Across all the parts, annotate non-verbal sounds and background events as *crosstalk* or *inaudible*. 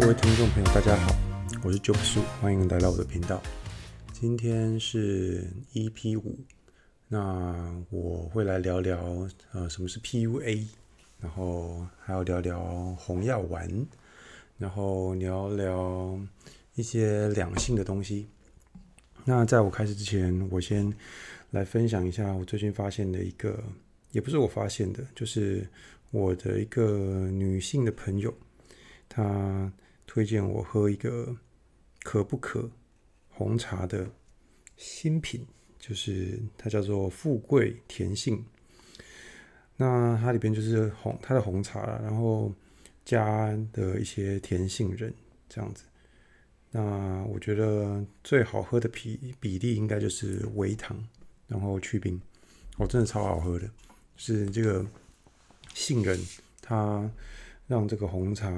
各位聽眾朋友，大家好，我是 Jobsu，歡迎來到我的頻道。今天是 EP 五，那我會來聊聊呃什麼是 PUA，然後還有，聊聊紅藥丸，然後聊聊一些兩性的東西。那在我開始之前，我先來分享一下我最近發現的一個，也不是我發現的，就是我的一個女性的朋友，她推薦我喝一個可不可紅茶的新品，就是它叫做富貴甜杏。那它裡邊就是紅，它的紅茶，然後加的一些甜杏仁這樣子。那我覺得最好喝的比比例，應該就是微糖，然後去冰，我、哦，真的超好喝的。就是這個杏仁，它讓這個紅茶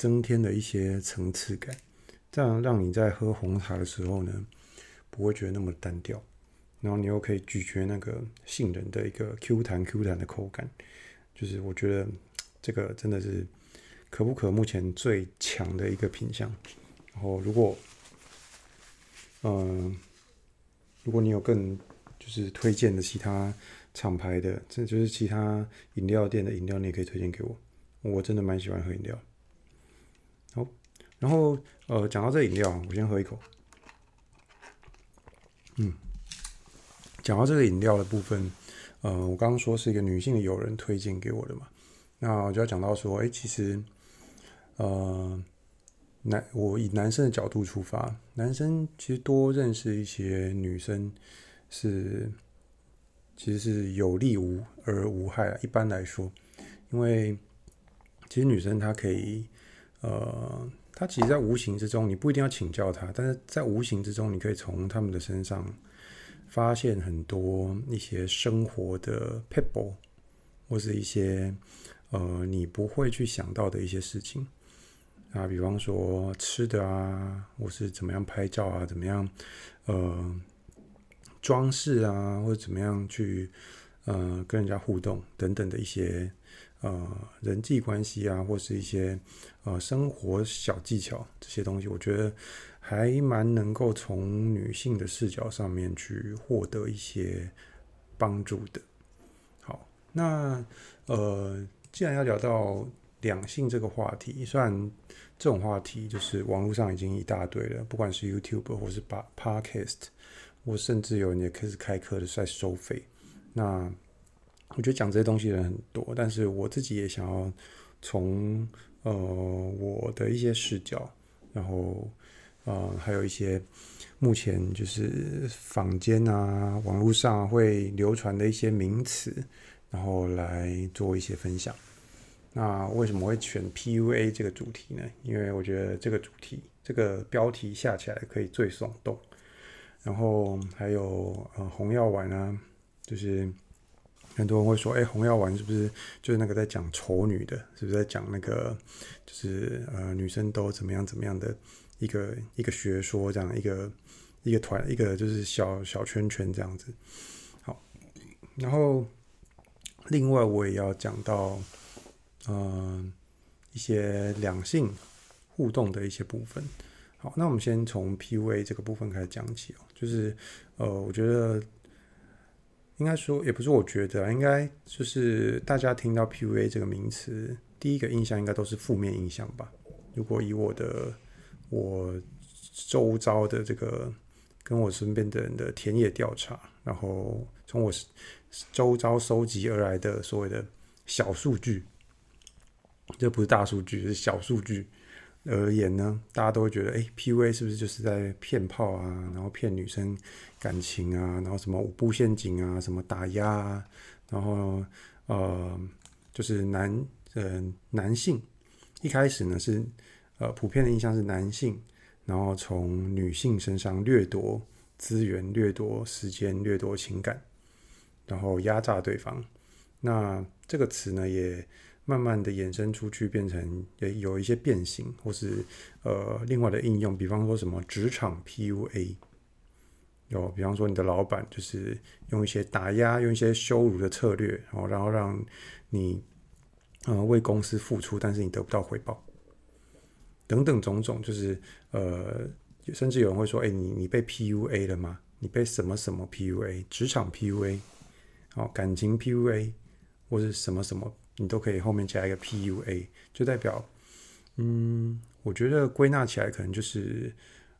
增添的一些層次感，這樣讓你在喝紅茶的時候呢，不會覺得那麼單調。然後你又可以咀嚼那個杏仁的一個 Q 彈 Q 彈的口感，就是我覺得這個真的是可不可目前最強的一個品項。然後如果嗯、呃，如果你有更就是推薦的其他廠牌的，這就是其他飲料店的飲料，你也可以推薦給我。我真的蠻喜歡喝飲料。然後，呃，講到這個飲料，我先喝一口。嗯，講到這個飲料的部分，呃，我剛剛說是一個女性的友人推薦給我的嘛，那我就要講到說，哎，其實，呃，男我以男生的角度出發，男生其實多認識一些女生是，其實是有利無而無害啦。一般來說，因為其實女生她，可以，呃。他其實，在無形之中，你不一定要請教他，但是在無形之中，你可以從他們的身上發現很多一些生活的撇步，或是一些呃你不會去想到的一些事情啊，比方說吃的啊，或是怎麼樣拍照啊，怎麼樣呃裝飾啊，或者怎麼樣去呃跟人家互動等等的一些。呃，人際關係啊，或是一些呃生活小技巧這些東西，我覺得還蠻能夠從女性的視角上面去獲得一些幫助的。好，那呃，既然要聊到兩性這個話題，雖然這種話題就是網絡上已經一大堆了，不管是 YouTube 或是 Podcast，或甚至有人也開始開課的在收費，那。我覺得講這些東西的人很多，但是我自己也想要從呃我的一些視角，然後呃還有一些目前就是坊間啊、網絡上、啊、會流傳的一些名詞，然後來做一些分享。那為什麼會選 PUA 這個主題呢？因為我覺得這個主題這個標題下起來可以最聳動，然後還有呃紅藥丸啊，就是。很多人會說：“哎、欸，紅藥丸是不是就是那個在講醜女的？是不是在講那個就是呃女生都怎麼樣怎麼樣的一個一個學說？這樣一個一個團一個就是小小圈圈這樣子。”好，然後另外我也要講到嗯、呃、一些兩性互動的一些部分。好，那我們先從 PUA 這個部分開始講起哦，就是呃，我覺得。應該說，也不是我覺得，應該就是大家聽到 PUA 這個名詞，第一個印象應該都是負面印象吧。如果以我的我周遭的這個跟我身邊的人的田野調查，然後從我周遭收集而來的所謂的小數據，這不是大數據，是小數據。而言呢，大家都會覺得，哎，PUA 是不是就是在騙炮啊，然後騙女生感情啊，然後什麼五步陷阱啊，什麼打壓啊，然後呃，就是男，呃，男性一開始呢是呃，普遍的印象是男性，然後從女性身上掠奪資源、掠奪時間、掠奪情感，然後壓榨對方。那這個詞呢也，慢慢的衍生出去，變成呃有一些變形，或是呃另外的應用，比方說什麼職場 PUA，有比方說你的老闆就是用一些打壓、用一些羞辱的策略，然後然後讓你呃為公司付出，但是你得不到回報，等等種種，就是呃甚至有人會說：“哎、欸，你你被 PUA 了嗎？你被什麼什麼 PUA？職場 PUA，哦，感情 PUA，或是什麼什麼。”你都可以後面加一個 PUA，就代表，嗯，我覺得歸納起來可能就是，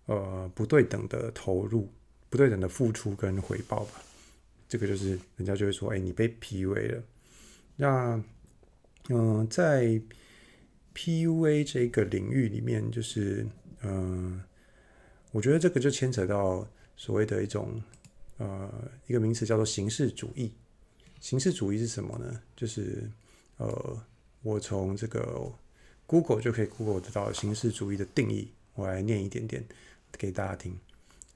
呃，不對等的投入、不對等的付出跟回報吧。這個就是人家就會說，哎、欸，你被 PUA 了。那，嗯、呃，在 PUA 這個領域裡面，就是，嗯、呃，我覺得這個就牽扯到所謂的一種呃一個名詞叫做形式主義。形式主義是什麼呢？就是。呃，我從這個 Google 就可以 Google 得到的形式主義的定義。我來念一點點給大家聽。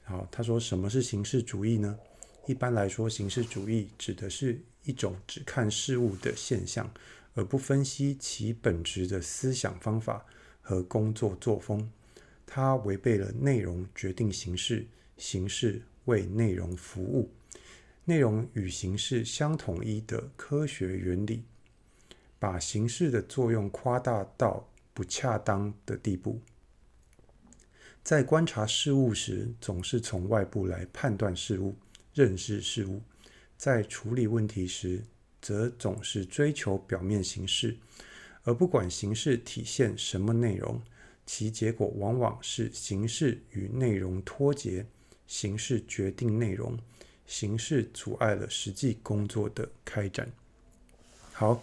好，他說什麼是形式主義呢？一般來說，形式主義指的是一種只看事物的現象而不分析其本質的思想方法和工作作風。它違背了內容決定形式、形式為內容服務、內容與形式相統一的科學原理。把形式的作用誇大到不恰當的地步，在觀察事物時，總是從外部來判斷事物、認識事物；在處理問題時，則總是追求表面形式，而不管形式體現什麼內容。其結果往往是形式與內容脫節，形式決定內容，形式阻礙了實際工作的開展。好。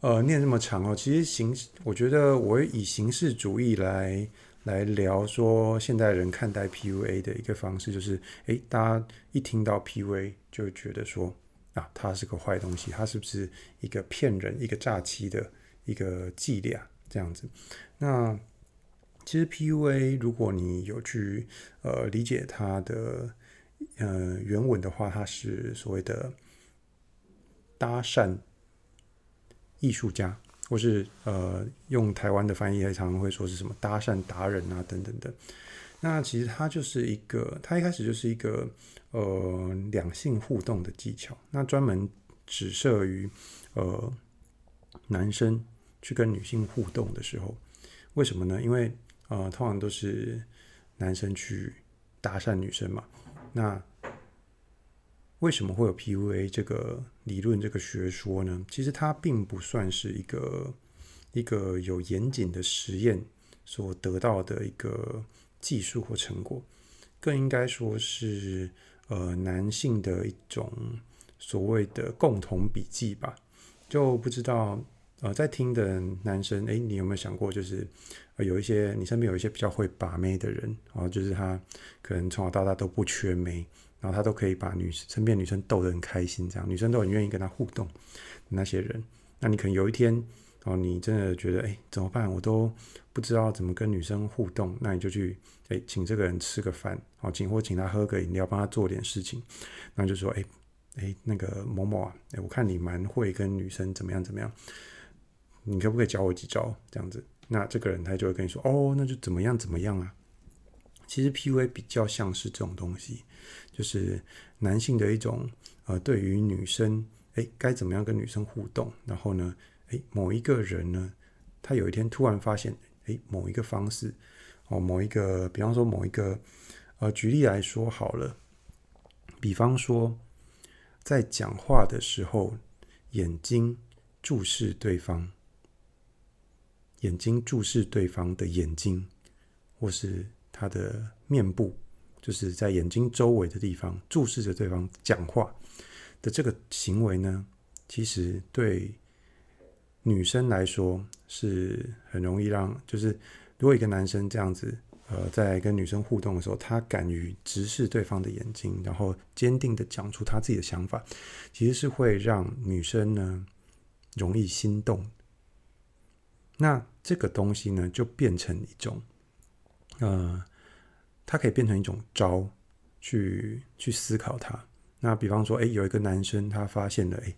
呃，念這麼長哦，其實形，我覺得我以形式主義來來聊說，現代人看待 PUA 的一個方式，就是，哎，大家一聽到 PUA 就會覺得說，啊，它是個壞東西，它是不是一個騙人、一個詐欺的一個伎倆這樣子？那其實 PUA，如果你有去呃理解它的嗯、呃、原文的話，它是所謂的搭訕。藝術家，或是呃，用台灣的翻譯，還常常會說是什麼搭訕達人啊，等等的。那其實他就是一個，他一開始就是一個呃兩性互動的技巧，那專門指涉於呃男生去跟女性互動的時候。為什麼呢？因為呃，通常都是男生去搭訕女生嘛，那。為什麼會有 PUA 這個理論、這個學說呢？其實它並不算是一個一個有嚴謹的實驗所得到的一個技術或成果，更應該說是呃男性的一種所謂的共同筆記吧。就不知道呃在聽的男生，誒，你有沒有想過，就是呃有一些你身邊有一些比較會把妹的人，然後就是他可能從小到大都不缺妹。然後他都可以把女生身邊女生逗得很開心，這樣女生都很願意跟他互動。那些人，那你可能有一天哦，你真的覺得哎怎麼辦？我都不知道怎麼跟女生互動，那你就去誒請這個人吃個飯，好請或請他喝個飲料，幫他做點事情，然後就說哎哎那個某某啊，哎我看你蠻會跟女生怎麼樣怎麼樣，你可不可以教我幾招？這樣子，那這個人他就會跟你說哦，那就怎麼樣怎麼樣啊？其實 PUA 比較像是這種東西。就是男性的一種，呃，對於女生，哎，該怎麼樣跟女生互動？然後呢，哎，某一個人呢，他有一天突然發現，哎，某一個方式，哦，某一個，比方說某一個，呃，舉例來說好了，比方說，在講話的時候，眼睛注視對方，眼睛注視對方的眼睛，或是他的面部。就是在眼睛周圍的地方注視着對方講話的這個行為呢，其實對女生來說是很容易讓，就是如果一個男生這樣子，呃，在跟女生互動的時候，他敢於直視對方的眼睛，然後堅定的講出他自己的想法，其實是會讓女生呢容易心動。那這個東西呢，就變成一種，呃。它可以變成一種招去去去思考它。那比方說，哎、欸，有一個男生他發現了，哎、欸，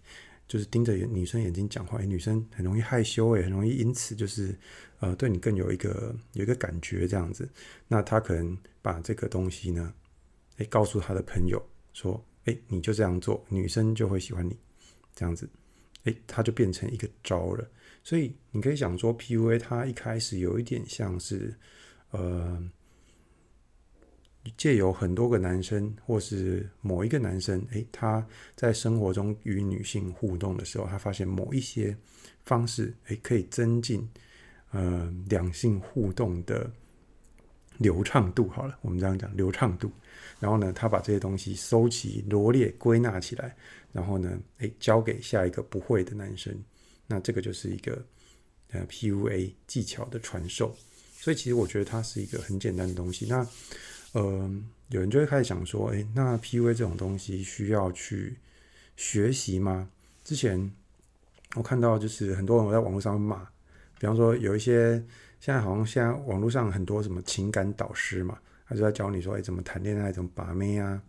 就是盯着女，女生眼睛講話，哎、欸，女生很容易害羞、欸，哎，很容易因此就是，呃，對你更有一個有一個感覺這樣子。那他可能把這個東西呢，哎、欸，告訴他的朋友說，哎、欸，你就這樣做，女生就會喜歡你，這樣子，哎、欸，他就變成一個招了。所以你可以想說，P.U.A. 它一開始有一點像是，呃。借由很多個男生，或是某一個男生誒，他在生活中與女性互動的時候，他發現某一些方式，可以增進，呃，兩性互動的流暢度。好了，我們這樣講，流暢度。然後呢，他把這些東西收集、羅列、歸納起來，然後呢誒，交給下一個不會的男生。那這個就是一個，呃，PUA 技巧的傳授。所以其實我覺得它是一個很簡單的東西。那嗯、呃，有人就會開始想說，哎、欸，那 PUA 這種東西需要去學習嗎？之前我看到就是很多人我在網絡上罵，比方說有一些現在好像現在網絡上很多什麼情感導師嘛，他就在教你說，哎、欸，怎麼談戀愛，怎麼把妹啊，然、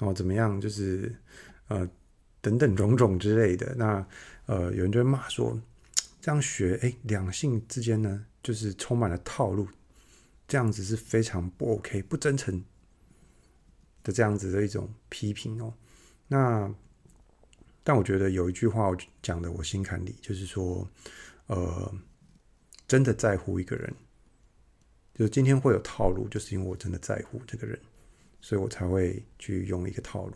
哦、後怎麼樣，就是呃等等種種之類的。那呃，有人就會罵說，這樣學，哎、欸，兩性之間呢，就是充滿了套路。這樣子是非常不 OK、不真誠的這樣子的一種批評哦。那但我覺得有一句話我講得我心坎裡，就是說，呃，真的在乎一個人，就是今天會有套路，就是因為我真的在乎這個人，所以我才會去用一個套路。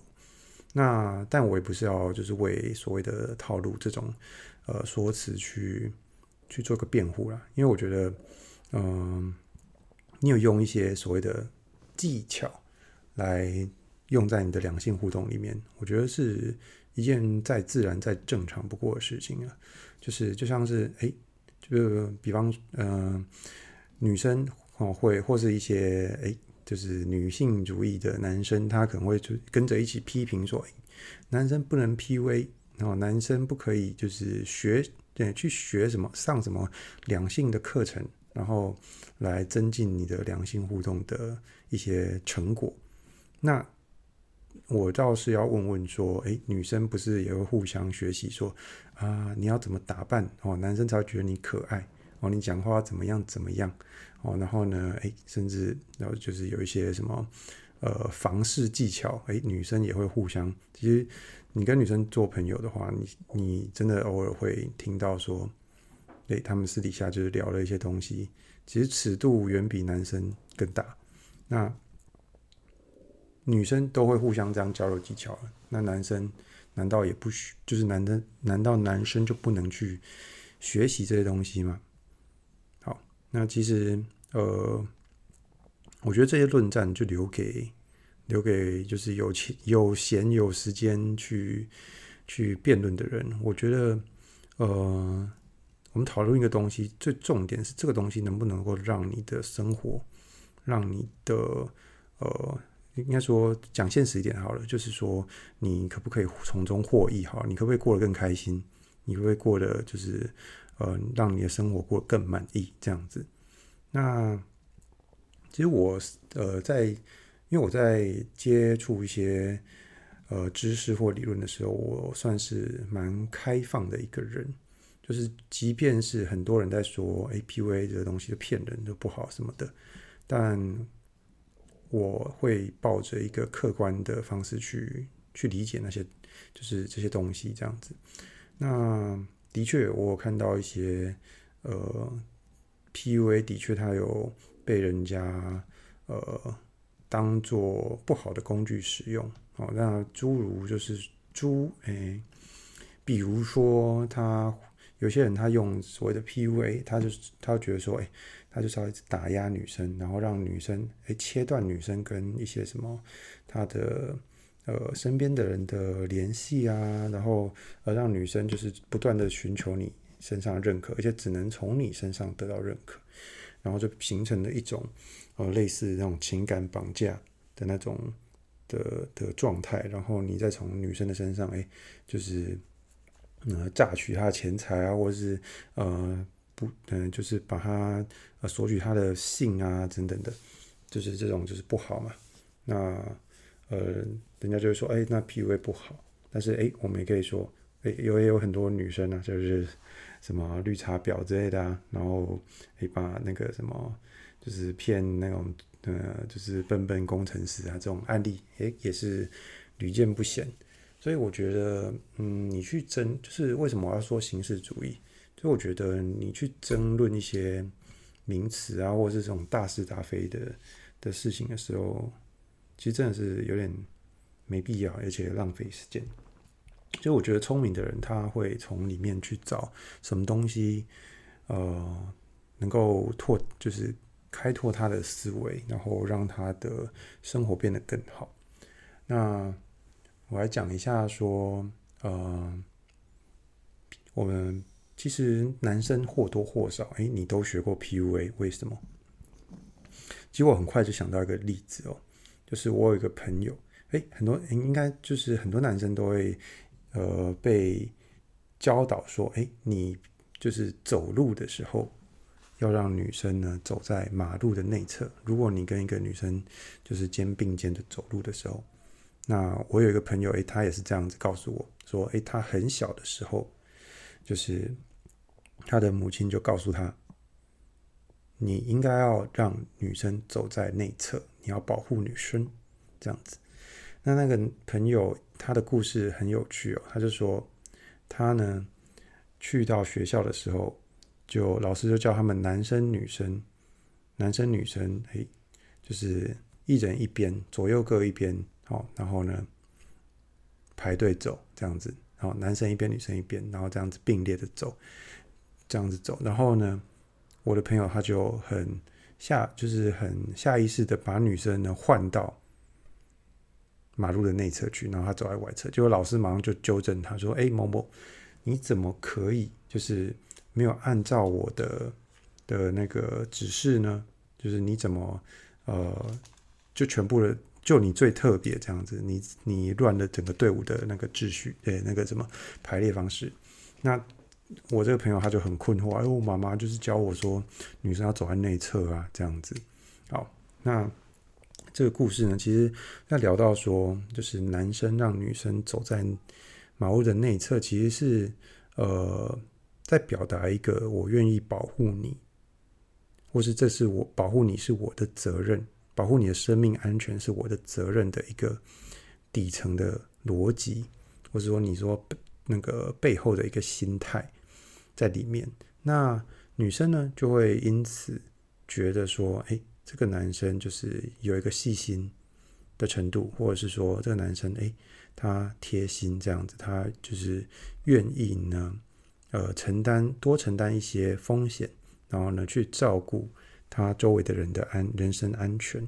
那但我也不是要就是為所謂的套路這種呃說辭去去做個辯護啦，因為我覺得，嗯、呃。你有用一些所謂的技巧來用在你的兩性互動裡面，我覺得是一件再自然、再正常不過的事情了。就是就像是，哎，就比方，嗯、呃，女生會或是一些，哎，就是女性主義的男生，他可能會就跟着一起批評說，男生不能 PUA 然後男生不可以就是學，嗯，去學什麼上什麼兩性的課程。然後來增進你的良性互動的一些成果。那我倒是要問問說，哎，女生不是也會互相學習說啊，你要怎麼打扮哦，男生才會覺得你可愛哦，你講話怎麼樣怎麼樣哦，然後呢，哎，甚至然後就是有一些什麼呃房事技巧，哎，女生也會互相。其實你跟女生做朋友的話，你你真的偶爾會聽到說。對，他們私底下就是聊了一些東西，其實尺度遠比男生更大。那女生都會互相這樣交流技巧，那男生難道也不許？就是男生難道男生就不能去學習這些東西嗎？好，那其實呃，我覺得這些論戰就留給留給就是有錢、有閒有時間去去辯論的人。我覺得呃。我們討論一個東西，最重點是這個東西能不能夠讓你的生活，讓你的呃，應該說講現實一點好了，就是說你可不可以從中獲益好？好，你可不可以過得更開心？你會不會過得就是呃，讓你的生活過得更滿意？這樣子。那其實我在呃，在因為我在接觸一些呃知識或理論的時候，我算是蠻開放的一個人。就是，即便是很多人在說欸、PUA 這個東西騙人，就不好什麼的，但我會抱着一個客觀的方式去去理解那些，就是這些東西這樣子。那的確，我有看到一些呃 P U A 的確它有被人家呃當做不好的工具使用哦。那諸如就是豬哎，欸，比如說他。有些人他用所謂的 PUA，他就他就覺得說，哎，他就稍微打壓女生，然後讓女生，哎，切斷女生跟一些什麼他的呃身邊的人的聯繫啊,然後呃讓女生就是不斷地尋求你身上的認可，而且只能從你身上得到認可，然後就形成了一種呃類似那種情感綁架的那種的的狀態，然後你再從女生的身上，哎，就是。呃、嗯，榨取他的錢財啊，或者是呃不，嗯、呃，就是把他呃索取他的性啊，等等的，就是這種就是不好嘛。那呃，人家就會說，哎、欸，那品味不好。但是哎、欸，我們也可以說，哎、欸，有也有很多女生啊，就是什麼綠茶婊之類的啊，然後哎、欸、把那個什麼，就是騙那種呃，就是笨笨工程師啊這種案例，哎、欸、也是屢見不鮮。所以我覺得，嗯，你去爭就是為什麼我要說形式主義？所以我覺得你去爭論一些名詞啊，或者是這種大是大非的的事情的時候，其實真的是有點沒必要，而且浪費時間。所以我覺得聰明的人他會從裡面去找什麼東西，呃，能夠拓就是開拓他的思維，然後讓他的生活變得更好。那我來講一下說，呃，我們其實男生或多或少，哎，你都學過 PUA，為什麼？其實我很快就想到一個例子哦，就是我有一個朋友，哎，很多應該就是很多男生都會，呃，被教導說，哎，你就是走路的時候，要讓女生呢走在馬路的內側。如果你跟一個女生就是肩並肩的走路的時候，那我有一個朋友，欸、他也是這樣子告訴我說、欸：“他很小的時候，就是他的母親就告訴他，你應該要讓女生走在內側，你要保護女生，這樣子。”那那個朋友他的故事很有趣哦，他就說他呢去到學校的時候，就老師就叫他們男生女生，男生女生，欸、就是一人一邊，左右各一邊。好，然後呢，排隊走這樣子，然後男生一邊，女生一邊，然後這樣子並列的走，這樣子走。然後呢，我的朋友他就很下，就是很下意識的把女生呢換到馬路的內側去，然後他走在外側。結果老師馬上就糾正他說：“欸，某某，你怎麼可以就是沒有按照我的的那個指示呢？就是你怎麼呃，就全部的。”就你最特別這樣子，你你亂了整個隊伍的那個秩序，對，那個什麼排列方式。那我這個朋友他就很困惑，哎，我媽媽就是教我說，女生要走在內側啊，這樣子。好，那這個故事呢，其實要聊到說，就是男生讓女生走在馬路的內側，其實是呃，在表達一個我願意保護你，或是這是我，保護你是我的責任。保護你的生命安全是我的責任的一個底層的邏輯，或者說你說那個背後的一個心態在裡面。那女生呢，就會因此覺得說，欸，這個男生就是有一個細心的程度，或者是說這個男生欸，他貼心這樣子，他就是願意呢，呃，承擔多承擔一些風險，然後呢去照顧。他周圍的人的安人身安全，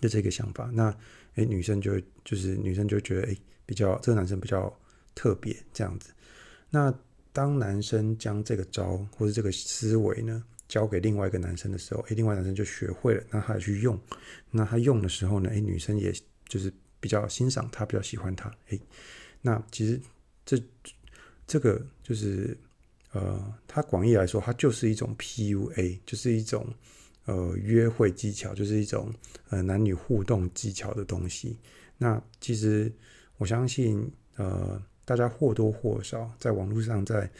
就這個想法。那誒，女生就就是女生就覺得誒，比較這個男生比較特別這樣子。那當男生將這個招或者這個思維呢，交給另外一個男生的時候，誒，另外男生就學會了，那他去用，那他用的時候呢，誒，女生也就是比較欣賞他，比較喜歡他。誒，那其實這這個就是。呃，它廣義來說，它就是一種 PUA，就是一種呃約會技巧，就是一種呃男女互動技巧的東西。那其實我相信，呃，大家或多或少在網絡上在，在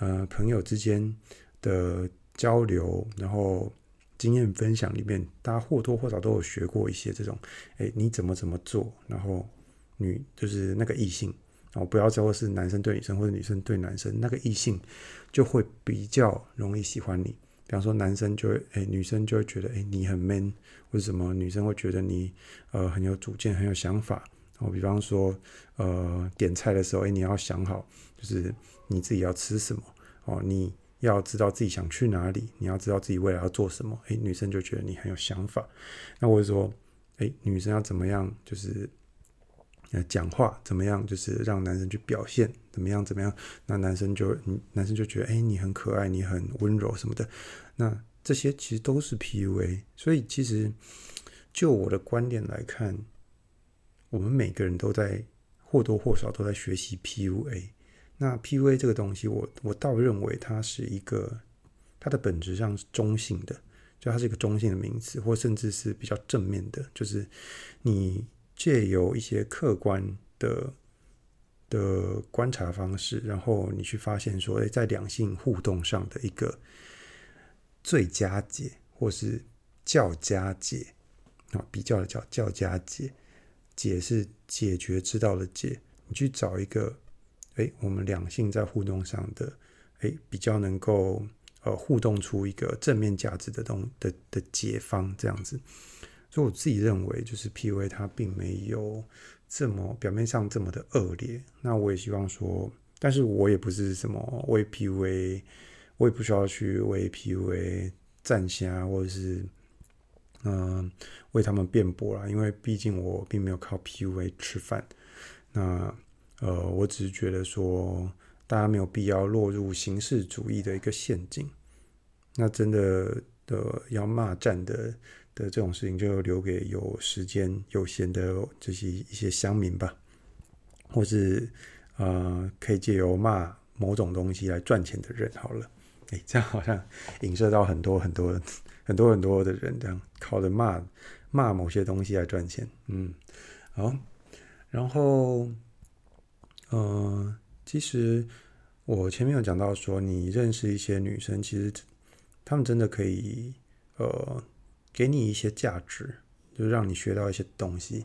呃朋友之間的交流，然後經驗分享裡面，大家或多或少都有學過一些這種，哎，你怎麼怎麼做，然後女就是那個異性。啊，我、哦、不要知道是男生對女生或者女生對男生，那個異性就會比較容易喜歡你。比方說男生就會，誒、欸，女生就會覺得，哎、欸，你很 man，為什麼，女生會覺得你呃很有主見，很有想法。哦，比方說呃點菜的時候，哎、欸，你要想好，就是你自己要吃什麼哦，你要知道自己想去哪裡，你要知道自己未來要做什麼。哎、欸，女生就覺得你很有想法。那我就說，哎、欸，女生要怎麼樣，就是。講話怎麼樣？就是讓男生去表現怎麼樣？怎麼樣？那男生就，男生就覺得，哎，你很可愛，你很溫柔什麼的。那這些其實都是 PUA。所以其實，就我的觀點來看，我們每個人都在或多或少都在學習 PUA。那 PUA 這個東西，我我倒認為它是一個，它的本質上是中性的，就它是一個中性的名詞，或甚至是比較正面的，就是你。借由一些客觀的的觀察方式，然後你去發現說，誒，在兩性互動上的一個最佳解或是較佳解，啊，比較的較較佳解，解是解決知道的解，你去找一個，誒、欸、我們兩性在互動上的，誒、欸、比較能夠呃互動出一個正面價值的東的的解方這樣子。所以我自己認為，就是 PUA 它並沒有這麼表面上這麼的惡劣。那我也希望說，但是我也不是什麼為 PUA，我也不需要去為 PUA 站線或者是嗯、呃、為他們辯駁了。因為畢竟我並沒有靠 PUA 吃飯。那呃，我只是覺得說，大家沒有必要落入形式主義的一個陷阱。那真的的要罵戰的。的這種事情就留給有時間有閒的這些一些鄉民吧，或是啊、呃，可以借由罵某種東西來賺錢的人好了。哎，這樣好像影射到很多很多很多很多的人，這樣靠着罵罵某些東西來賺錢。嗯，好，然後，嗯，其實我前面有講到說，你認識一些女生，其實她們真的可以，呃。給你一些價值，就讓你學到一些東西。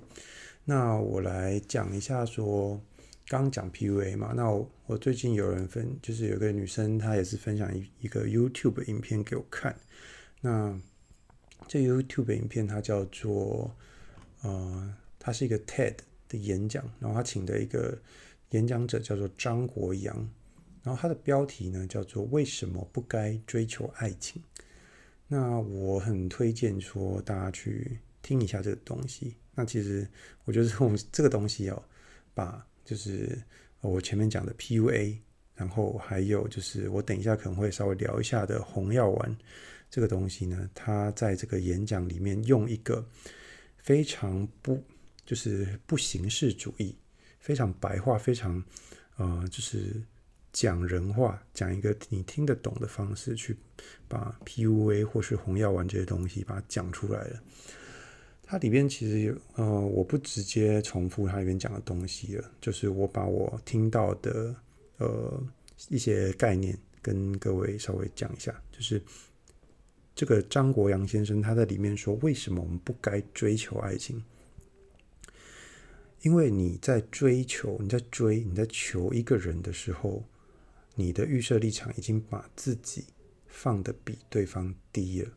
那我來講一下說，說剛，剛講 PUA 嘛。那我，我最近有人分，就是有個女生，她也是分享一一個 YouTube 影片給我看。那這個 YouTube 影片，它叫做呃，它是一個 TED 的演講，然後他請的一個演講者叫做張國洋，然後他的標題呢叫做“為什麼不該追求愛情”。那我很推薦說大家去聽一下這個東西。那其實我覺得這種這個東西哦，把就是我前面講的 PUA，然後還有就是我等一下可能會稍微聊一下的紅藥丸這個東西呢，它在這個演講裡面用一個非常不就是不形式主義，非常白話，非常呃就是。講人話，講一個你聽得懂的方式去把 PUA 或是紅藥丸這些東西把它講出來了。它裡面其實有，呃，我不直接重複它裡面講的東西了，就是我把我聽到的，呃，一些概念跟各位稍微講一下。就是這個張國洋先生他在裡面說，為什麼我們不該追求愛情？因為你在追求，你在追，你在求一個人的時候。你的預設立場已經把自己放得比對方低了，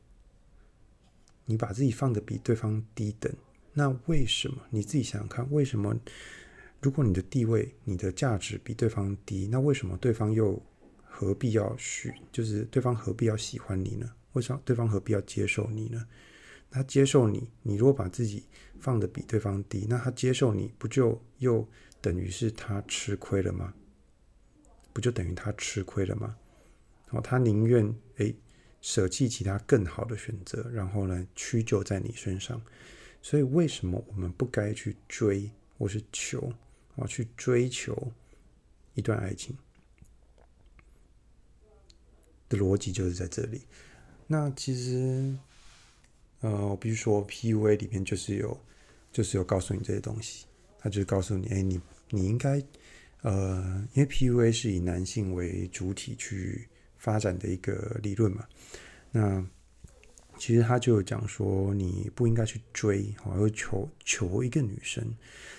你把自己放得比對方低等，那為什麼你自己想想看，為什麼如果你的地位、你的價值比對方低，那為什麼對方又何必要去，就是對方何必要喜歡你呢？為什麼對方何必要接受你呢？他接受你，你如果把自己放得比對方低，那他接受你不就又等於是他吃虧了嗎？不就等於他吃虧了嗎？哦，他寧願哎捨棄其他更好的選擇，然後呢屈就在你身上。所以為什麼我們不該去追或是求啊去追求一段愛情的邏輯就是在這裡。那其實呃，比如說 PUA 裡面就是有就是有告訴你這些東西，他就告訴你哎、欸，你你應該。呃，因為 PUA 是以男性為主體去發展的一個理論嘛，那其實他就講說你不應該去追，或求求一個女生，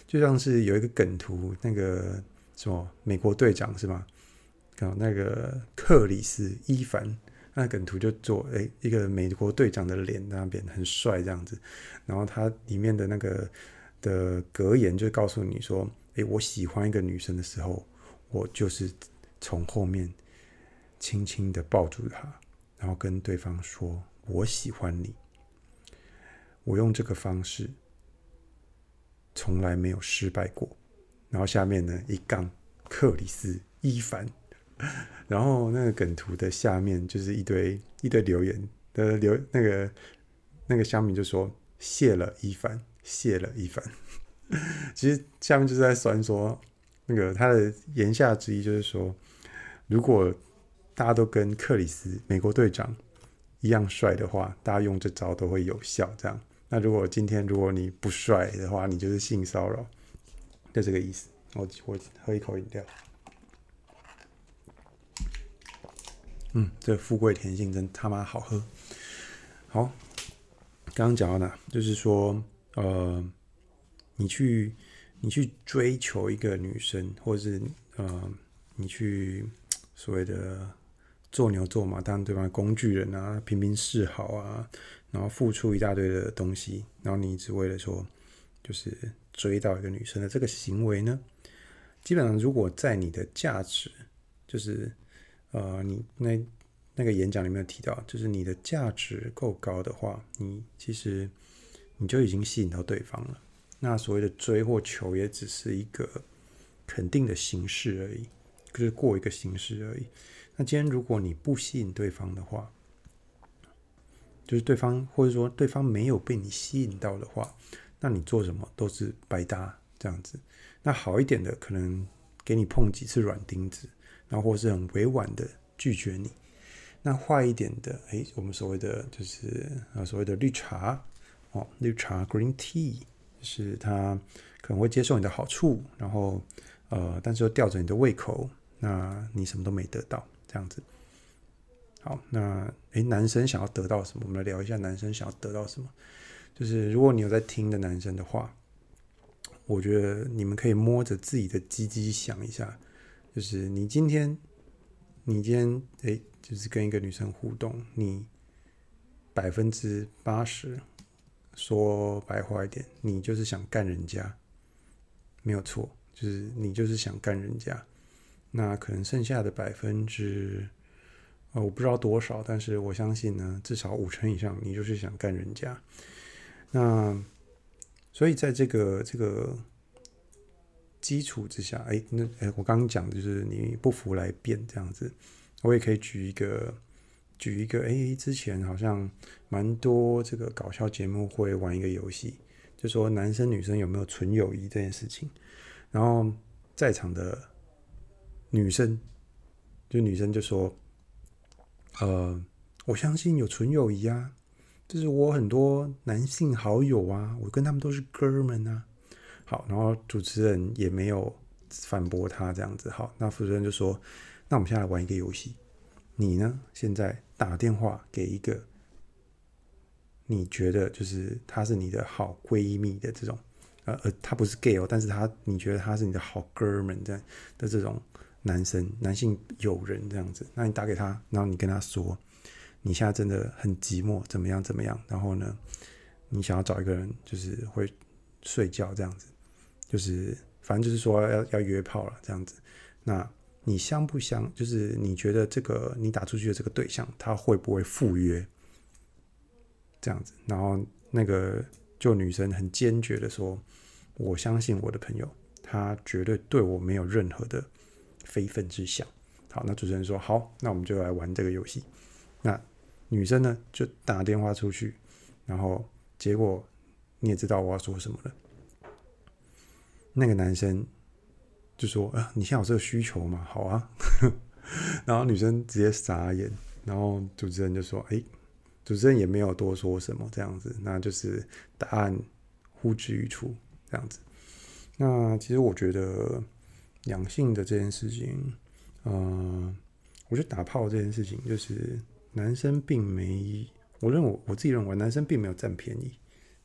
就像是有一個梗圖，那個什麼美國隊長是嗎？搞那個克里斯·伊凡，那梗圖就做哎一個美國隊長的臉，那邊很帥這樣子，然後他裡面的那個。的格言就告訴你說：“誒，我喜歡一個女生的時候，我就是從後面輕輕的抱住她，然後跟對方說‘我喜歡你’。我用這個方式從來沒有失敗過。然後下面呢，一槓克里斯伊凡，然後那個梗圖的下面就是一堆一堆留言的留那個那個鄉民就說：‘謝了伊凡。’”謝了一番，其實下面就是在酸說，那個他的言下之意就是說，如果大家都跟克里斯美國隊長一樣帥的話，大家用這招都會有效，這樣。那如果今天如果你不帥的話，你就是性騷擾，就這個意思。我我喝一口飲料，嗯，這馥貴甜杏真他媽好喝。好，剛剛講到哪？就是說。呃，你去，你去追求一個女生，或者是呃，你去所謂的做牛做馬，當對方工具人啊，頻頻示好啊，然後付出一大堆的東西，然後你只為了說，就是追到一個女生的這個行為呢，基本上如果在你的價值，就是呃，你那那個演講裡面有提到，就是你的價值夠高的話，你其實。你就已經吸引到對方了，那所謂的追或求也只是一個肯定的形式而已，就是過一個形式而已。那今天如果你不吸引對方的話，就是對方或者說對方沒有被你吸引到的話，那你做什麼都是白搭這樣子。那好一點的可能給你碰幾次軟釘子，然後或是很委婉的拒絕你。那壞一點的，哎，我們所謂的就是所謂的綠茶。哦，綠茶、oh, （green tea） 就是他可能會接受你的好處，然後呃，但是又吊着你的胃口，那你什麼都沒得到，這樣子。好，那哎，男生想要得到什麼？我們來聊一下男生想要得到什麼。就是如果你有在聽的男生的話，我覺得你們可以摸着自己的雞雞想一下，就是你今天你今天哎，就是跟一個女生互動，你百分之八十，說白話一點，你就是想幹人家，沒有錯，就是你就是想幹人家。那可能剩下的百分之，呃，我不知道多少，但是我相信呢，至少五成以上，你就是想幹人家。那，所以在這個這個基礎之下，哎，那哎，我剛剛講的就是你不服來辯這樣子，我也可以舉一個。舉一個，哎、欸，之前好像蠻多這個搞笑節目會玩一個遊戲，就說男生女生有沒有純友誼這件事情。然後在場的女生就女生就說：“呃，我相信有純友誼啊，就是我很多男性好友啊，我跟他們都是哥們啊。好，然後主持人也沒有反駁他這樣子。好，那主持人就說：“那我們現在來玩一個遊戲。”你呢？現在打電話給一個你覺得就是他是你的好閨蜜的這種，呃，他不是 gay 哦，但是他你覺得他是你的好哥們這樣的這種男生、男性友人這樣子，那你打給他，然後你跟他說，你現在真的很寂寞，怎麼樣怎麼樣？然後呢，你想要找一個人就是會睡覺這樣子，就是反正就是說要要約炮了這樣子，那。你相不相？就是你覺得這個你打出去的這個對象，他會不會赴約？這樣子，然後那個就女生很堅決的說：“我相信我的朋友，他絕對對我沒有任何的非分之想。”好，那主持人說：“好，那我們就來玩這個遊戲。”那女生呢就打電話出去，然後結果你也知道我要說什麼了，那個男生。就說啊，你現在有這個需求嘛？好啊， *laughs* 然後女生直接傻眼，然後主持人就說：“哎、欸，主持人也沒有多說什麼，這樣子，那就是答案呼之欲出，這樣子。那其實我覺得，兩性的這件事情，呃，我覺得打炮這件事情，就是男生並沒，我認為我自己認為男生並沒有占便宜，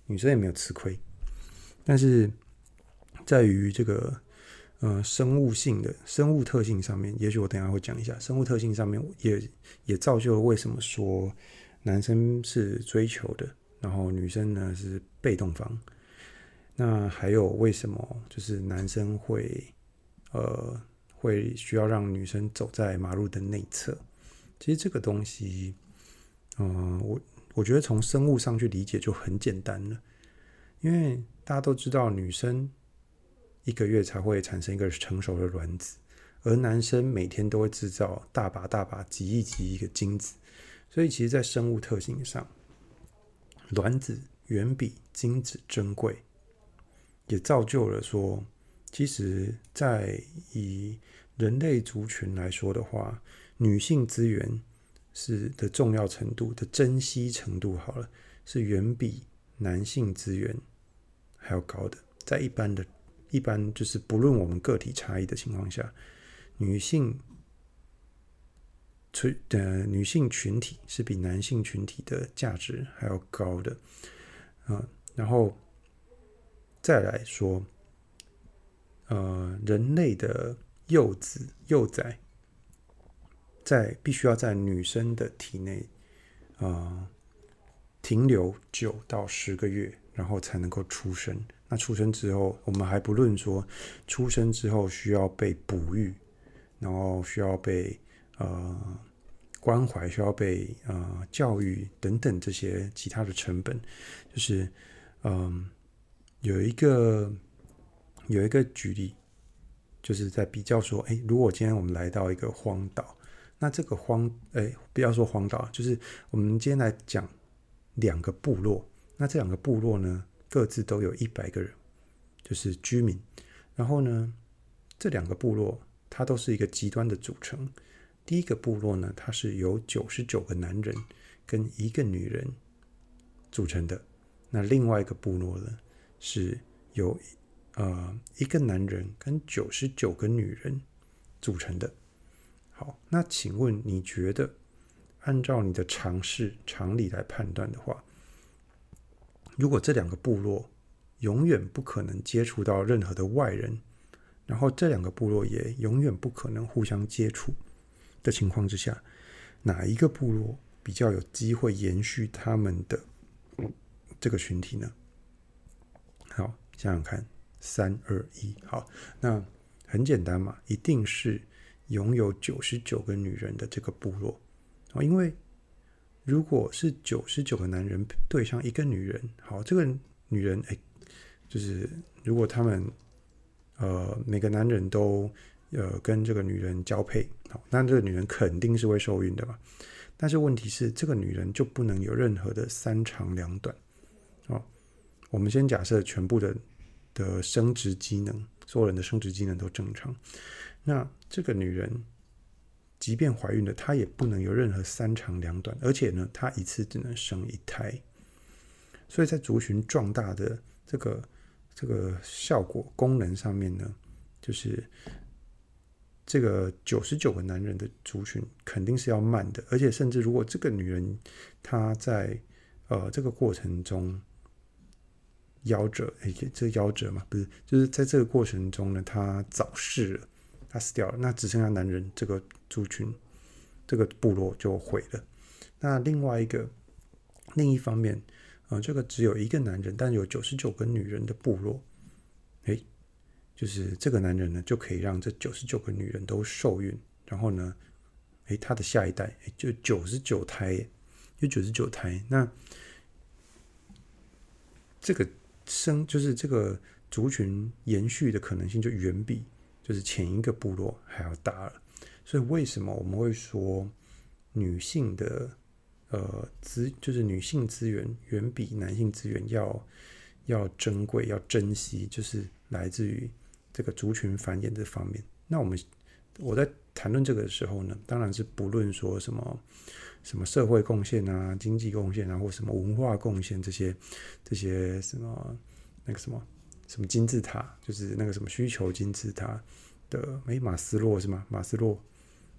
女生也沒有吃虧，但是在於這個。”呃，生物性的生物特性上面，也許我等下會講一下。生物特性上面也也造就了為什麼說男生是追求的，然後女生呢是被動方。那還有為什麼就是男生會呃會需要讓女生走在馬路的內側？其實這個東西，嗯、呃，我我覺得從生物上去理解就很簡單了，因為大家都知道女生。一個月才會產生一個成熟的卵子，而男生每天都會製造大把大把，幾億幾億個精子，所以其實，在生物特性上，卵子遠比精子珍貴，也造就了說，其實，在以人類族群來說的話，女性資源是的重要程度，的珍惜程度好了，是遠比男性資源還要高的，在一般的。一般就是不論我們個體差異的情況下，女性群呃女性群體是比男性群體的價值還要高的，嗯、呃，然後再來說，呃，人類的幼子幼崽在必須要在女生的體內啊、呃、停留九到十個月，然後才能夠出生。出生之後，我們還不論說出生之後需要被哺育，然後需要被呃關懷，需要被呃教育等等這些其他的成本，就是嗯、呃、有一個有一個舉例，就是在比較說，哎、欸，如果今天我們來到一個荒島，那這個荒哎不要說荒島，就是我們今天來講兩個部落，那這兩個部落呢，各自都有一百個人，就是居民。然後呢，這兩個部落它，都是一個極端的組成。第一個部落呢，它是由九十九個男人跟一個女人組成的。那另外一個部落呢，是由呃一個男人跟九十九個女人組成的。好，那請問你覺得，按照你的常識常理來判斷的話，如果這兩個部落永遠不可能接觸到任何的外人，然後這兩個部落也永遠不可能互相接觸的情況之下，哪一個部落比較有機會延續他們的這個群體呢？好，想想看，三二一，好，那很簡單嘛，一定是擁有九十九個女人的這個部落，哦，因為。如果是九十九個男人對上一個女人，好，這個女人，哎、欸，就是如果他們呃每個男人都呃跟這個女人交配，好，那這個女人肯定是會受孕的嘛。但是問題是，這個女人就不能有任何的三長兩短哦。我們先假設全部的的生殖機能，所有人的生殖機能都正常，那這個女人。即便懷孕了，她也不能有任何三長兩短，而且呢，她一次只能生一胎，所以在族群壯大的這個這個效果功能上面呢，就是這個九十九個男人的族群肯定是要慢的，而且甚至如果這個女人她在呃這個過程中夭折，哎、欸，這夭折嘛，不是，就是在這個過程中呢，她早逝了，她死掉了，那只剩下男人這個。族群這個部落就毀了。那另外一個另一方面，呃，這個只有一個男人，但有九十九個女人的部落，誒、欸，就是這個男人呢，就可以讓這九十九個女人都受孕，然後呢，誒、欸，他的下一代、欸、就九十九胎，有九十九胎。那這個生就是這個族群延續的可能性就遠比就是前一個部落還要大了。所以為什麼我們會說女性的呃，資就是女性資源遠比男性資源要要珍貴要珍惜，就是來自於這個族群繁衍這方面。那我們我在談論這個的時候呢，當然是不論說什麼什麼社會貢獻啊、經濟貢獻啊，或什麼文化貢獻這些這些什麼那個什麼什麼金字塔，就是那個什麼需求金字塔的，哎、欸，馬斯洛是嗎？馬斯洛。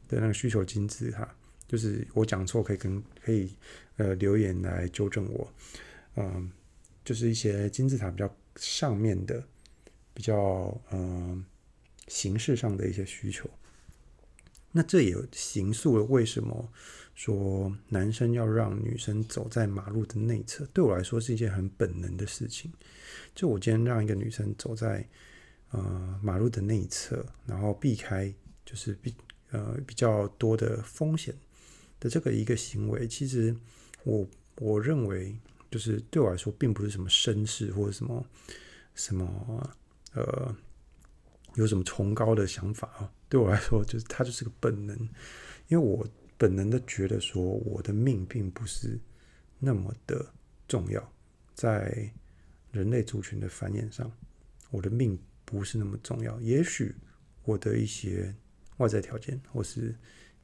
的那個需求金字塔，就是我講錯可以跟可以呃留言來糾正我，嗯、呃，就是一些金字塔比較上面的比較嗯、呃、形式上的一些需求。那這也有形塑了為什麼說男生要讓女生走在馬路的內側，對我來說是一件很本能的事情。就我今天讓一個女生走在呃馬路的內側，然後避開就是避。呃，比較多的風險的這個一個行為，其實我我認為就是對我來說，並不是什麼紳士或者什麼什麼呃，有什麼崇高的想法啊。對我來說，就是它就是個本能，因為我本能的覺得說，我的命並不是那麼的重要，在人類族群的繁衍上，我的命不是那麼重要。也許我的一些。外在條件，或是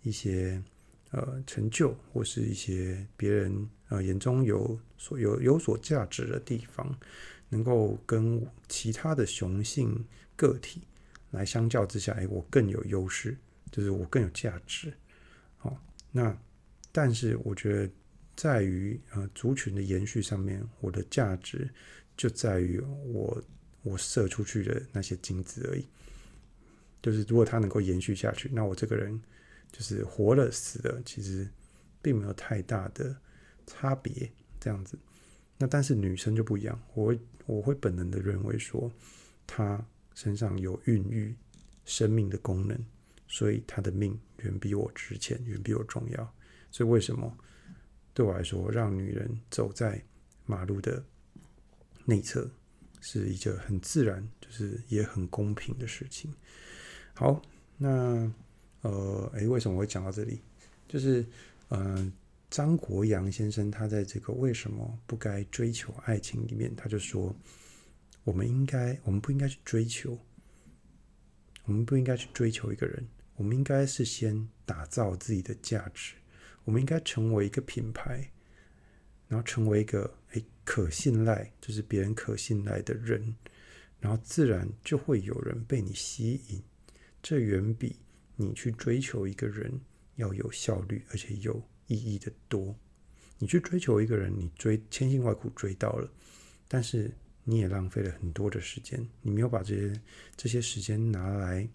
一些呃成就，或是一些別人呃眼中有所有有所價值的地方，能夠跟其他的雄性個體來相較之下，哎，我更有優勢，就是我更有價值。好，哦，那但是我覺得在於呃族群的延續上面，我的價值就在於我我射出去的那些精子而已。就是如果他能夠延續下去，那我這個人就是活了死了，其實並沒有太大的差別。這樣子，那但是女生就不一樣，我會我會本能地認為說，她身上有孕育生命的功能，所以她的命遠比我值錢，遠比我重要。所以為什麼對我來說，讓女人走在馬路的內側，是一個很自然，就是也很公平的事情。好，那呃，哎，為什麼我會講到這裡？就是，嗯、呃，張國洋先生他在這個“為什麼不該追求愛情”裡面，他就說，我們應該，我們不應該去追求，我們不應該去追求一個人，我們應該是先打造自己的價值，我們應該成為一個品牌，然後成為一個哎可信賴，就是別人可信賴的人，然後自然就會有人被你吸引。這遠比你去追求一個人要有效率，而且有意義得多。你去追求一個人，你追千辛萬苦追到了，但是你也浪費了很多的時間。你沒有把這些這些時間拿來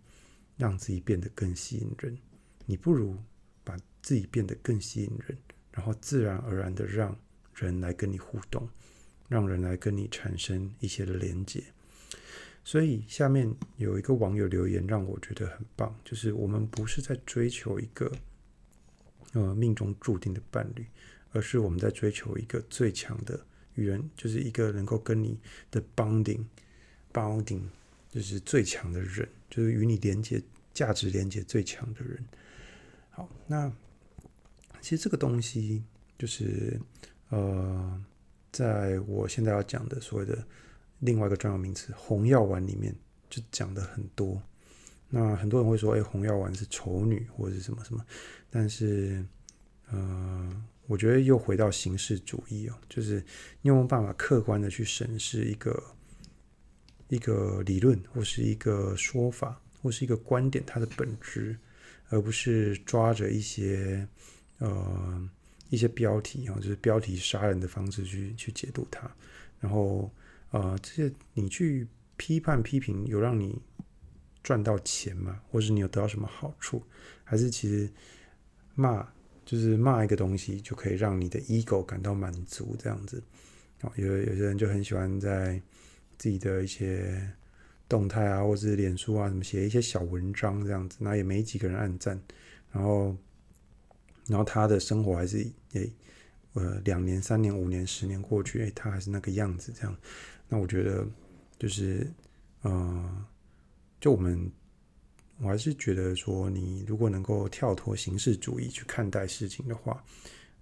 讓自己變得更吸引人，你不如把自己變得更吸引人，然後自然而然地讓人來跟你互動，讓人來跟你產生一些連接。所以下面有一個網友留言讓我覺得很棒，就是我們不是在追求一個呃命中注定的伴侶，而是我們在追求一個最強的人，就是一個能夠跟你的 bonding，bonding 就是最強的人，就是與你連接價值連接最強的人。好，那其實這個東西就是呃，在我現在要講的所謂的。另外一個重要名詞“紅藥丸”裡面就講得很多，那很多人會說：“哎，紅藥丸是仇女，或者是什麼什麼。”但是，呃，我覺得又回到形式主義哦，就是你有沒有辦法客觀地去審視一個一個理論，或是一個說法，或是一個觀點，它的本質，而不是抓着一些呃一些標題哦，就是標題殺人的方式去去解讀它，然後。啊、呃，這些你去批判批評，有讓你賺到錢嗎？或者你有得到什麼好處？還是其實罵就是罵一個東西就可以讓你的 ego 感到滿足這樣子？有有些人就很喜歡在自己的一些動態啊，或者是臉書啊什麼寫一些小文章這樣子，那也沒幾個人按讚，然後然後他的生活還是誒、欸，呃，兩年、三年、五年、十年過去，誒、欸，他還是那個樣子這樣。那我覺得，就是，嗯、呃，就我們，我還是覺得說，你如果能夠跳脫形式主義去看待事情的話，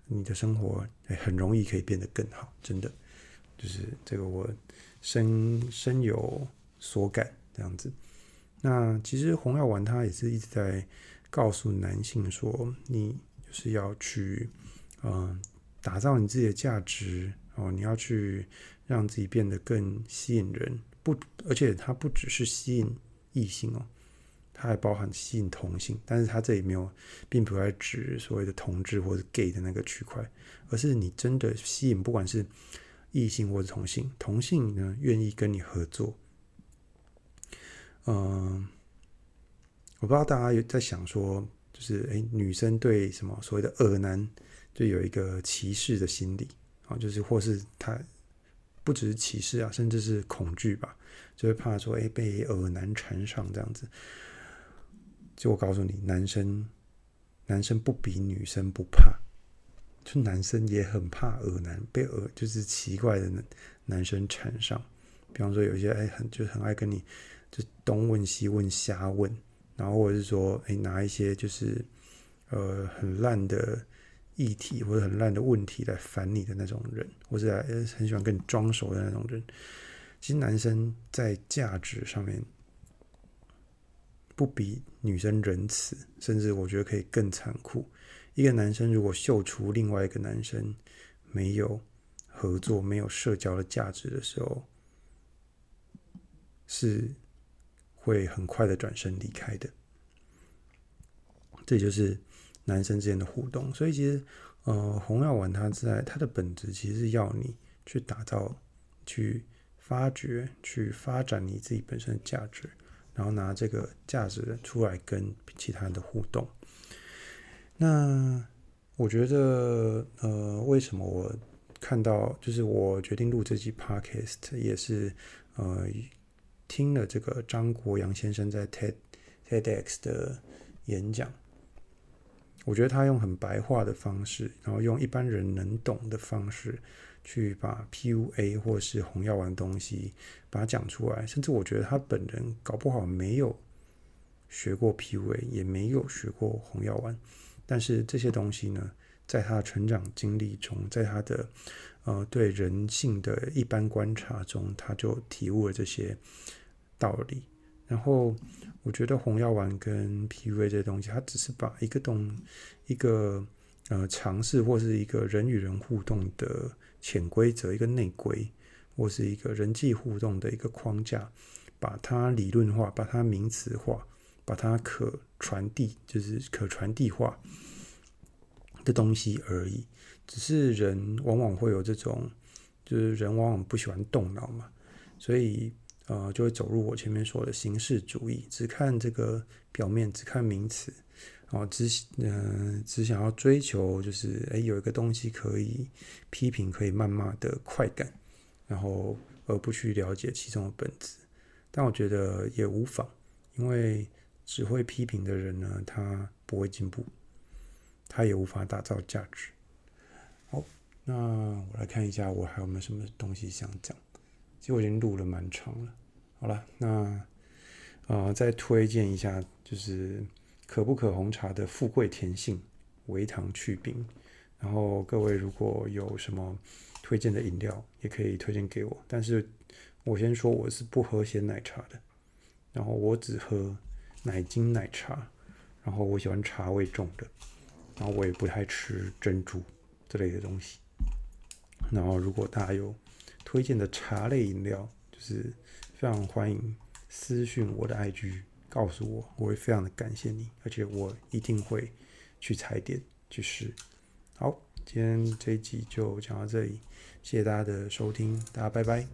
你的生活很容易可以變得更好，真的，就是這個我深深有所感這樣子。那其實紅藥丸他也是一直在告訴男性說，你就是要去，嗯、呃，打造你自己的價值哦、呃，你要去。讓自己變得更吸引人，不，而且它不只是吸引異性哦，它還包含吸引同性。但是它這裡沒有，並不是指所謂的同志或者 gay 的那個區塊，而是你真的吸引不管是異性或者同性，同性呢願意跟你合作。嗯，我不知道大家有在想說，就是誒女生對什麼所謂的惡男就有一個歧視的心理啊、哦，就是或是他。不只是歧視啊，甚至是恐懼吧，就會怕說哎、欸、被惡男纏上這樣子。就我告訴你，男生男生不比女生不怕，就男生也很怕惡男被惡，就是奇怪的男生纏上。比方說，有一些哎、欸、很就很愛跟你就東問西問瞎問，然後或者是說哎、欸、拿一些就是呃很爛的。議題或者很爛的問題來煩你的那種人，或者很喜歡跟你裝熟的那種人，其實男生在價值上面不比女生仁慈，甚至我覺得可以更殘酷。一個男生如果嗅出另外一個男生沒有合作、沒有社交的價值的時候，是會很快的轉身離開的。這就是。男生之間的互動，所以其實，呃，紅藥丸他在他的本質其實是要你去打造、去發掘、去發展你自己本身的價值，然後拿這個價值出來跟其他人的互動。那我覺得，呃，為什麼我看到，就是我決定錄這期 podcast，也是呃聽了這個張國洋先生在 TED, TED TEDx 的演講。我覺得他用很白話的方式，然後用一般人能懂的方式，去把 PUA 或是紅藥丸的東西把它講出來。甚至我覺得他本人搞不好沒有學過 PUA，也沒有學過紅藥丸，但是這些東西呢，在他的成長經歷中，在他的呃對人性的一般觀察中，他就體悟了這些道理。然後，我覺得紅藥丸跟 PUA 這東西，它只是把一個東，一個呃嘗試或是一個人與人互動的潛規則、一個內規，或是一個人際互動的一個框架，把它理論化、把它名詞化、把它可傳遞就是可傳遞化的東西而已。只是人往往會有這種，就是人往往不喜歡動腦嘛，所以。呃，就會走入我前面說的形式主義，只看這個表面，只看名詞，然後只嗯、呃、只想要追求就是哎有一個東西可以批評、可以謾罵的快感，然後而不去了解其中的本質。但我覺得也無妨，因為只會批評的人呢，他不會進步，他也無法打造價值。好，那我來看一下，我還有沒有什麼東西想講。就我已經錄了蠻長了，好了，那啊、呃、再推薦一下，就是可不可紅茶的馥貴甜杏，微糖去冰。然後各位如果有什麼推薦的飲料，也可以推薦給我。但是我先說我是不喝鮮奶茶的，然後我只喝奶精奶茶，然後我喜歡茶味重的，然後我也不太吃珍珠之類的東西。然後如果大家有，推薦的茶類飲料，就是非常歡迎私訊我的 IG，告訴我，我會非常的感謝你，而且我一定會去踩點去試。好，今天這一集就講到這裡，謝謝大家的收聽，大家拜拜。